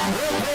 Thank you.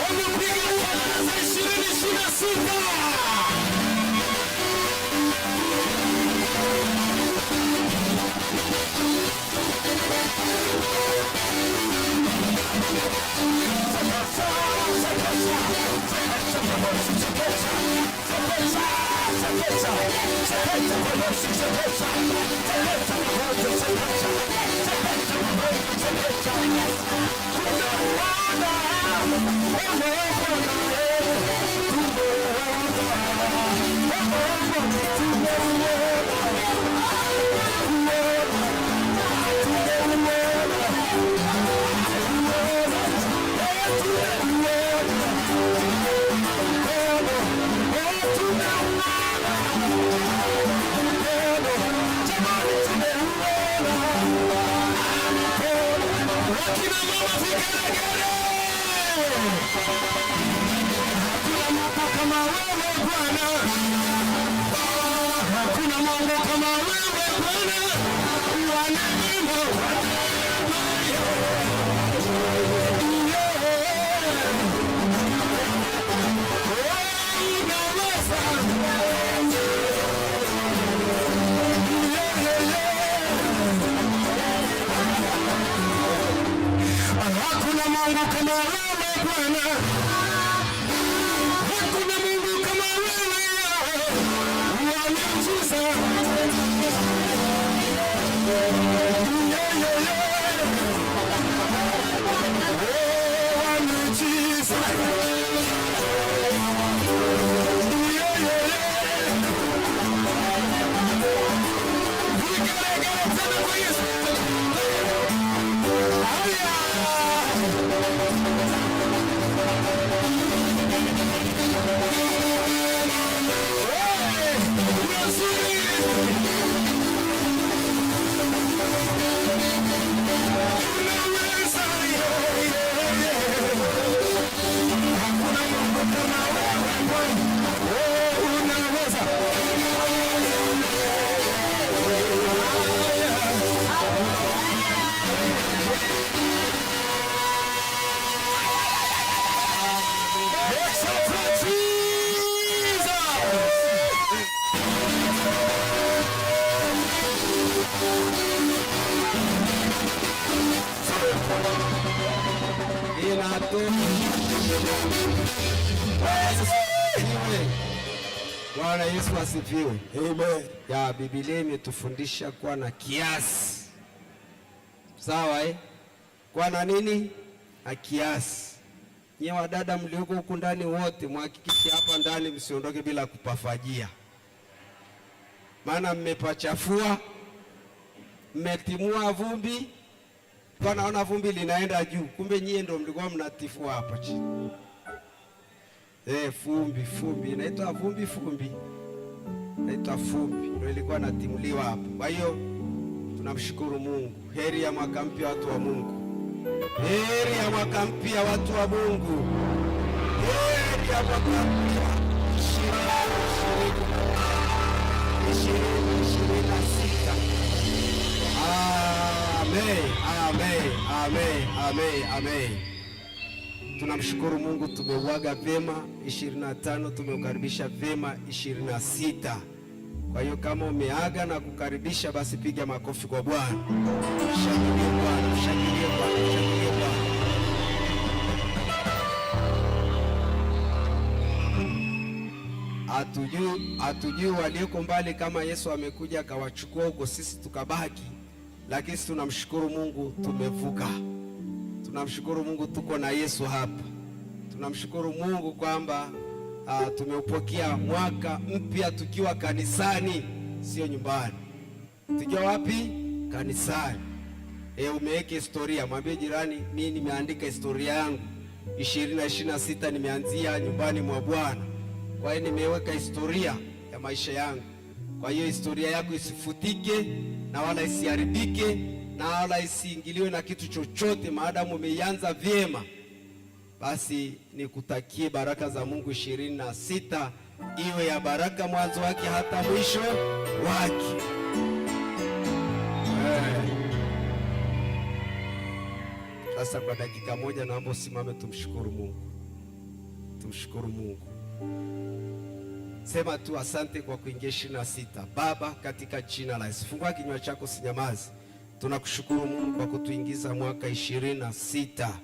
Wamepiga kwa namba ishirini ishirini na sita Oh, kama wewe Bwana Thank you. asifiwe. Amen. Ya Biblia imetufundisha kuwa na kiasi, sawa eh? Kuwa na nini? Na kiasi. Nyie wadada mlioko huku ndani wote, mhakikishe hapa ndani msiondoke bila kupafajia, maana mmepachafua, mmetimua vumbi kwa naona vumbi linaenda juu, kumbe nyie ndio mlikuwa mnatifua hapa chini. Eh, fumbi fumbi inaitwa vumbi fumbi naitwa Fupi, ndio ilikuwa natimuliwa hapo. Kwa hiyo tunamshukuru Mungu. Heri ya mwaka mpya watu wa Mungu, heri ya mwaka mpya watu wa Mungu, heri ya mwaka mpya amen. Tunamshukuru Mungu, tumeuaga vyema 25, tumeukaribisha vyema 26. Kwa hiyo kama umeaga na kukaribisha, basi piga makofi kwa Bwana, shangilie Bwana, shangilie Bwana, shangilie Bwana. Hatujui hatujui walioko mbali kama Yesu amekuja akawachukua huko, sisi tukabaki, lakini tunamshukuru Mungu tumevuka. Tunamshukuru Mungu tuko na Yesu hapa. Tunamshukuru Mungu kwamba uh, tumeupokea mwaka mpya tukiwa kanisani, sio nyumbani, tukiwa wapi? Kanisani. E, umeweka historia. Mwambie jirani, mimi nimeandika historia yangu ishirini na ishirini na sita nimeanzia nyumbani mwa Bwana. Kwa hiyo nimeweka historia ya maisha yangu. Kwa hiyo historia yako isifutike na wala isiharibike na wala isiingiliwe na kitu chochote, maadamu umeianza vyema basi nikutakie baraka za Mungu ishirini na sita iwe ya baraka mwanzo wake hata mwisho wake. Sasa kwa dakika moja naomba usimame, tumshukuru Mungu, tumshukuru Mungu. Sema tu asante kwa kuingia ishirini na sita. Baba, katika jina la Yesu, fungua kinywa chako, sinyamazi. Tunakushukuru Mungu kwa kutuingiza mwaka ishirini na sita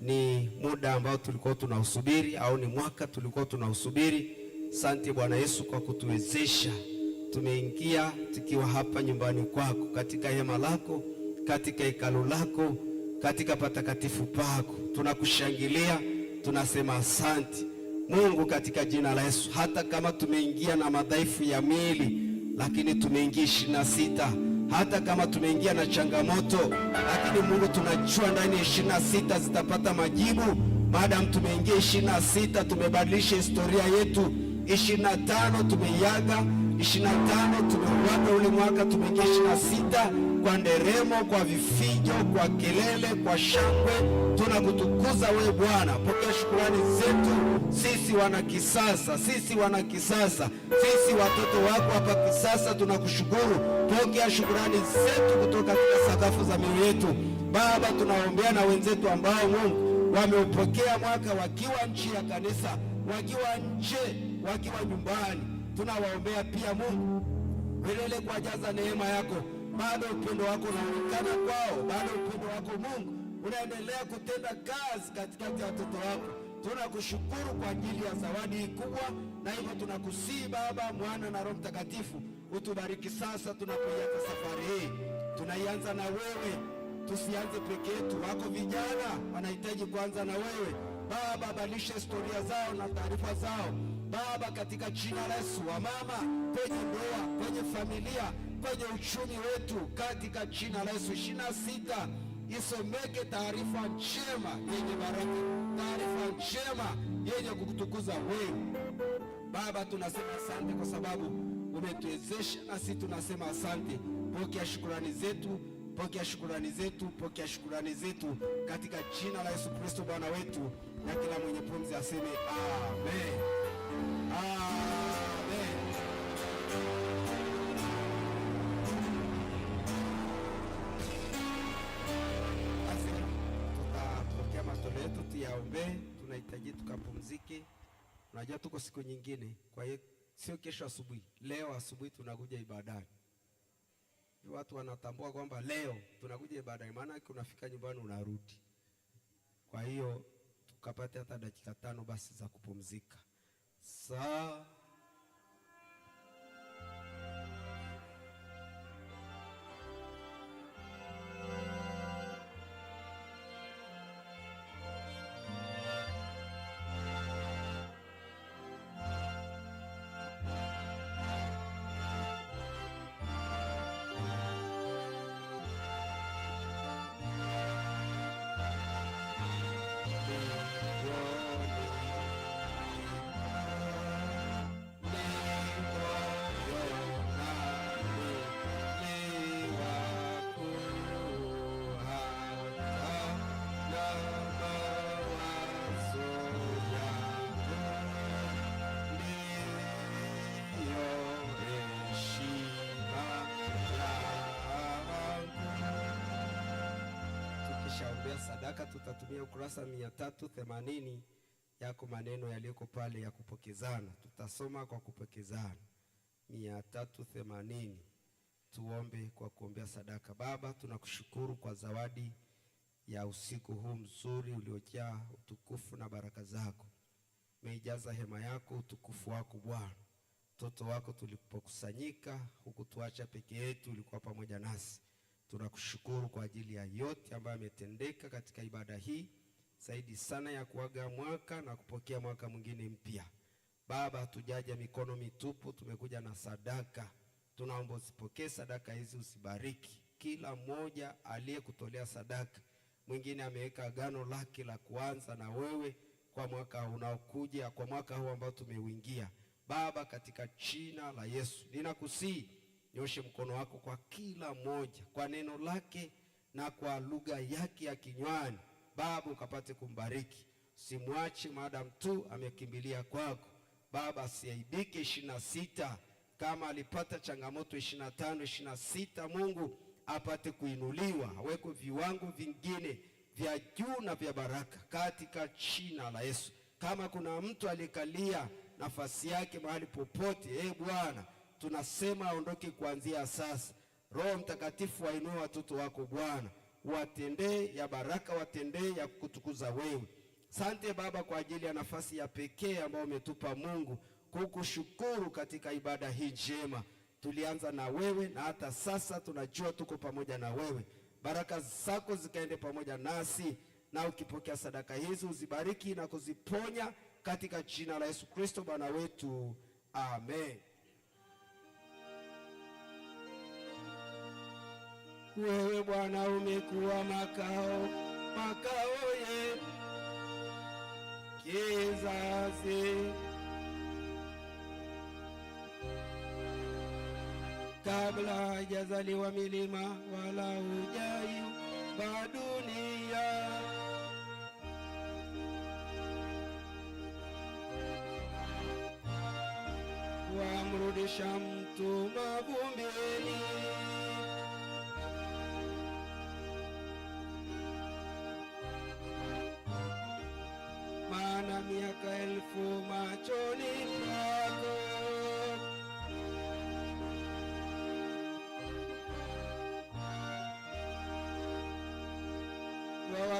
ni muda ambao tulikuwa tunausubiri au ni mwaka tulikuwa tunausubiri. Asante Bwana Yesu kwa kutuwezesha, tumeingia tukiwa hapa nyumbani kwako, katika hema lako, katika hekalu lako, katika patakatifu pako. Tunakushangilia, tunasema asante Mungu katika jina la Yesu. Hata kama tumeingia na madhaifu ya mili lakini tumeingia ishirini na sita hata kama tumeingia na changamoto, lakini Mungu tunachua ndani ya ishirini na sita zitapata majibu. Madam tumeingia ishirini na sita tumebadilisha historia yetu. ishirini na tano tumeiaga, ishirini na tano tumeuaga ule mwaka, tumeingia ishirini na sita kwa nderemo, kwa vifijo, kwa kelele, kwa shangwe. Tunakutukuza wewe Bwana. Pokea shukurani zetu sisi wana Kisasa, sisi wana Kisasa, sisi watoto wako hapa Kisasa, tunakushukuru. Pokea shukurani zetu kutoka katika sakafu za mioyo yetu Baba. Tunaombea na wenzetu ambao Mungu wameupokea mwaka wakiwa nchi ya kanisa, wakiwa nje, wakiwa nyumbani, tunawaombea pia Mungu vilele, kuwajaza neema yako bado upendo wako unaonekana kwao, bado upendo wako Mungu unaendelea kutenda kazi katikati ya watoto wako. Tunakushukuru kwa ajili ya zawadi hii kubwa, na hivyo tunakusii Baba, Mwana na Roho Mtakatifu, utubariki sasa Tunapoanza safari hii. Tunaianza na wewe, tusianze peke yetu. Wako vijana wanahitaji kuanza na wewe Baba, badilisha historia zao na taarifa zao Baba, katika jina la Yesu. Wamama kwenye ndoa, kwenye familia uponye uchumi wetu katika jina la Yesu. ishirini na sita isomeke taarifa njema yenye baraka, taarifa njema yenye kukutukuza wewe Baba. Tunasema asante kwa sababu umetuwezesha, nasi tunasema asante. Pokea shukurani zetu, pokea shukurani zetu, pokea shukurani zetu katika jina la Yesu Kristo Bwana wetu, na kila mwenye pumzi aseme amen. tukapumzike. Unajua tuko siku nyingine, kwa hiyo sio kesho asubuhi. Leo asubuhi tunakuja ibadani. Watu wanatambua kwamba leo tunakuja ibadani, maana unafika nyumbani unarudi. Kwa hiyo tukapata hata dakika tano basi za kupumzika saa kuombea sadaka tutatumia ukurasa 380. Yako maneno yaliyoko pale ya kupokezana, tutasoma kwa kupokezana. 380. Tuombe kwa kuombea sadaka. Baba, tunakushukuru kwa zawadi ya usiku huu mzuri uliojaa utukufu na baraka zako. Umeijaza hema yako utukufu wako Bwana. Mtoto wako tulipokusanyika, hukutuacha peke yetu, ulikuwa pamoja nasi. Tunakushukuru kwa ajili ya yote ambayo yametendeka katika ibada hii, saidi sana ya kuaga mwaka na kupokea mwaka mwingine mpya. Baba, tujaja mikono mitupu, tumekuja na sadaka. Tunaomba usipokee sadaka hizi, usibariki kila mmoja aliyekutolea sadaka. Mwingine ameweka agano lake la kuanza na wewe kwa mwaka unaokuja, kwa mwaka huu ambao tumeuingia. Baba, katika jina la Yesu ninakusihi Nyoshe mkono wako kwa kila mmoja, kwa neno lake na kwa lugha yake ya kinywani. Baba, ukapate kumbariki, simwache madam tu amekimbilia kwako. Baba, asiaibike ishirini na sita kama alipata changamoto ishirini na tano ishirini na sita Mungu apate kuinuliwa, awekwe viwango vingine vya juu na vya baraka katika jina la Yesu. Kama kuna mtu aliyekalia nafasi yake mahali popote, e Bwana tunasema aondoke kuanzia sasa. Roho Mtakatifu, wainua watoto wako Bwana, watendee ya baraka, watendee ya kutukuza wewe. Sante Baba kwa ajili ya nafasi ya pekee ambayo umetupa Mungu kukushukuru katika ibada hii njema. Tulianza na wewe na hata sasa tunajua tuko pamoja na wewe. Baraka zako zikaende pamoja nasi, na ukipokea sadaka hizi uzibariki na kuziponya katika jina la Yesu Kristo Bwana wetu, amen. Wewe Bwana umekuwa makao makao ye kizazi kabla hajazaliwa milima wala hujaiumba dunia. Wamrudisha mtu mavumbi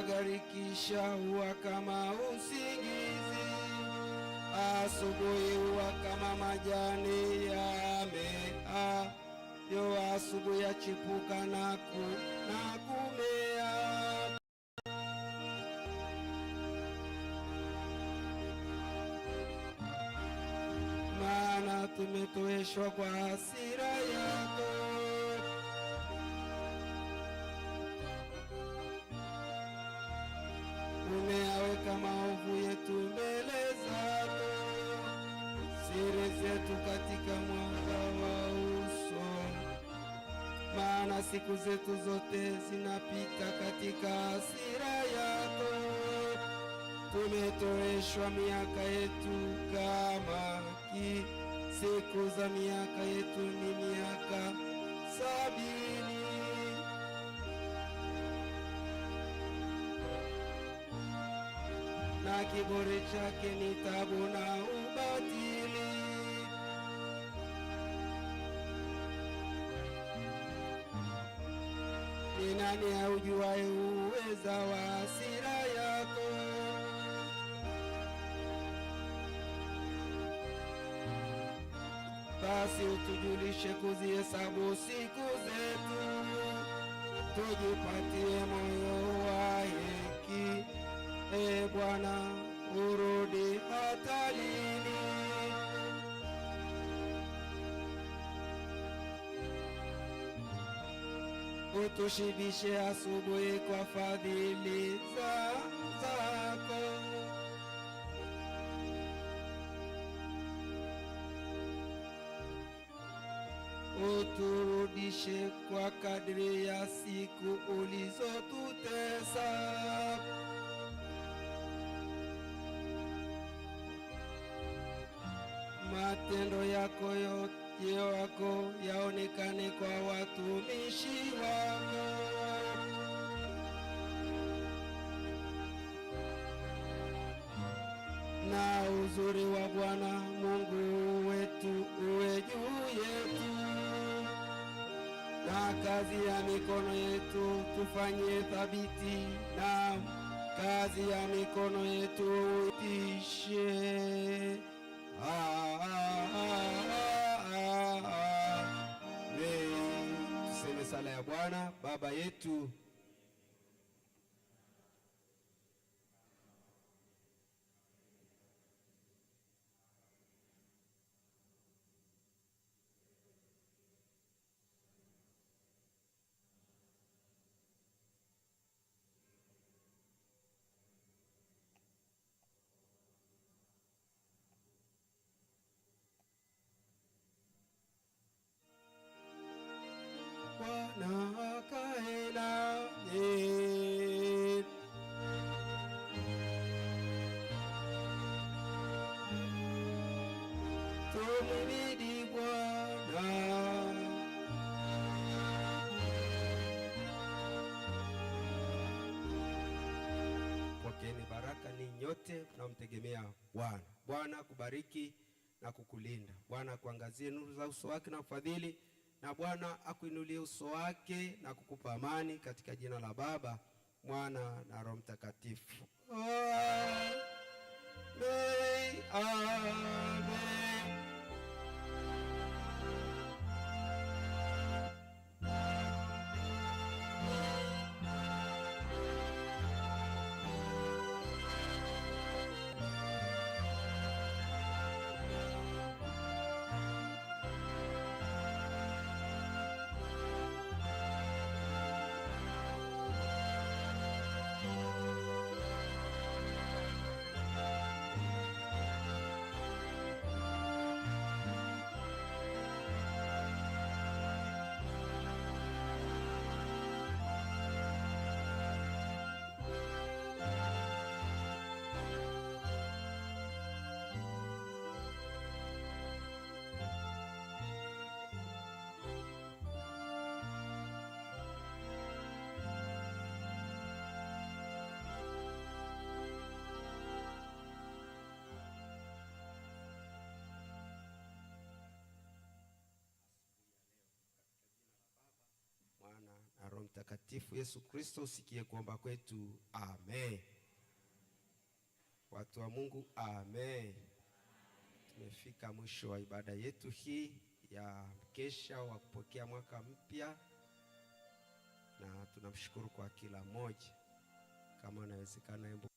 Magharikisha huwa kama usingizi, asubuhi huwa kama majani yamea, yo asubuhi yachipuka na kumea. Maana tumetoeshwa kwa hasira tumepika katika hasira yako, tumetoeshwa miaka yetu kama ki siku za miaka yetu ni miaka sabini. Na kibore chake ni tabu na ubati Ni nani aujuaye uweza wa hasira yako? Basi utujulishe kuzihesabu siku zetu, tujipatie moyo wa haki. E Bwana, urudi hata lini? utushibishe asubuhi kwa fadhili zako. Uturudishe kwa kadri ya siku ulizotutesa. Matendo yako yote mapokeo yako yaonekane kwa watumishi wako. Na uzuri wa Bwana Mungu wetu uwe juu yetu, na kazi ya mikono yetu tufanye thabiti, na kazi ya mikono yetu uitishe. ah, ah, ah. ah. Bwana Baba yetu tunaomtegemea Bwana. Bwana akubariki na kukulinda, Bwana akuangazie nuru za uso wake na kufadhili, na Bwana akuinulie uso wake na kukupa amani, katika jina la Baba, Mwana na Roho Mtakatifu. Amen. Amen. Mtakatifu Yesu Kristo, usikie kuomba kwetu. Amen. Watu wa Mungu, amen. Tumefika mwisho wa ibada yetu hii ya mkesha wa kupokea mwaka mpya, na tunamshukuru kwa kila mmoja. Kama anawezekana,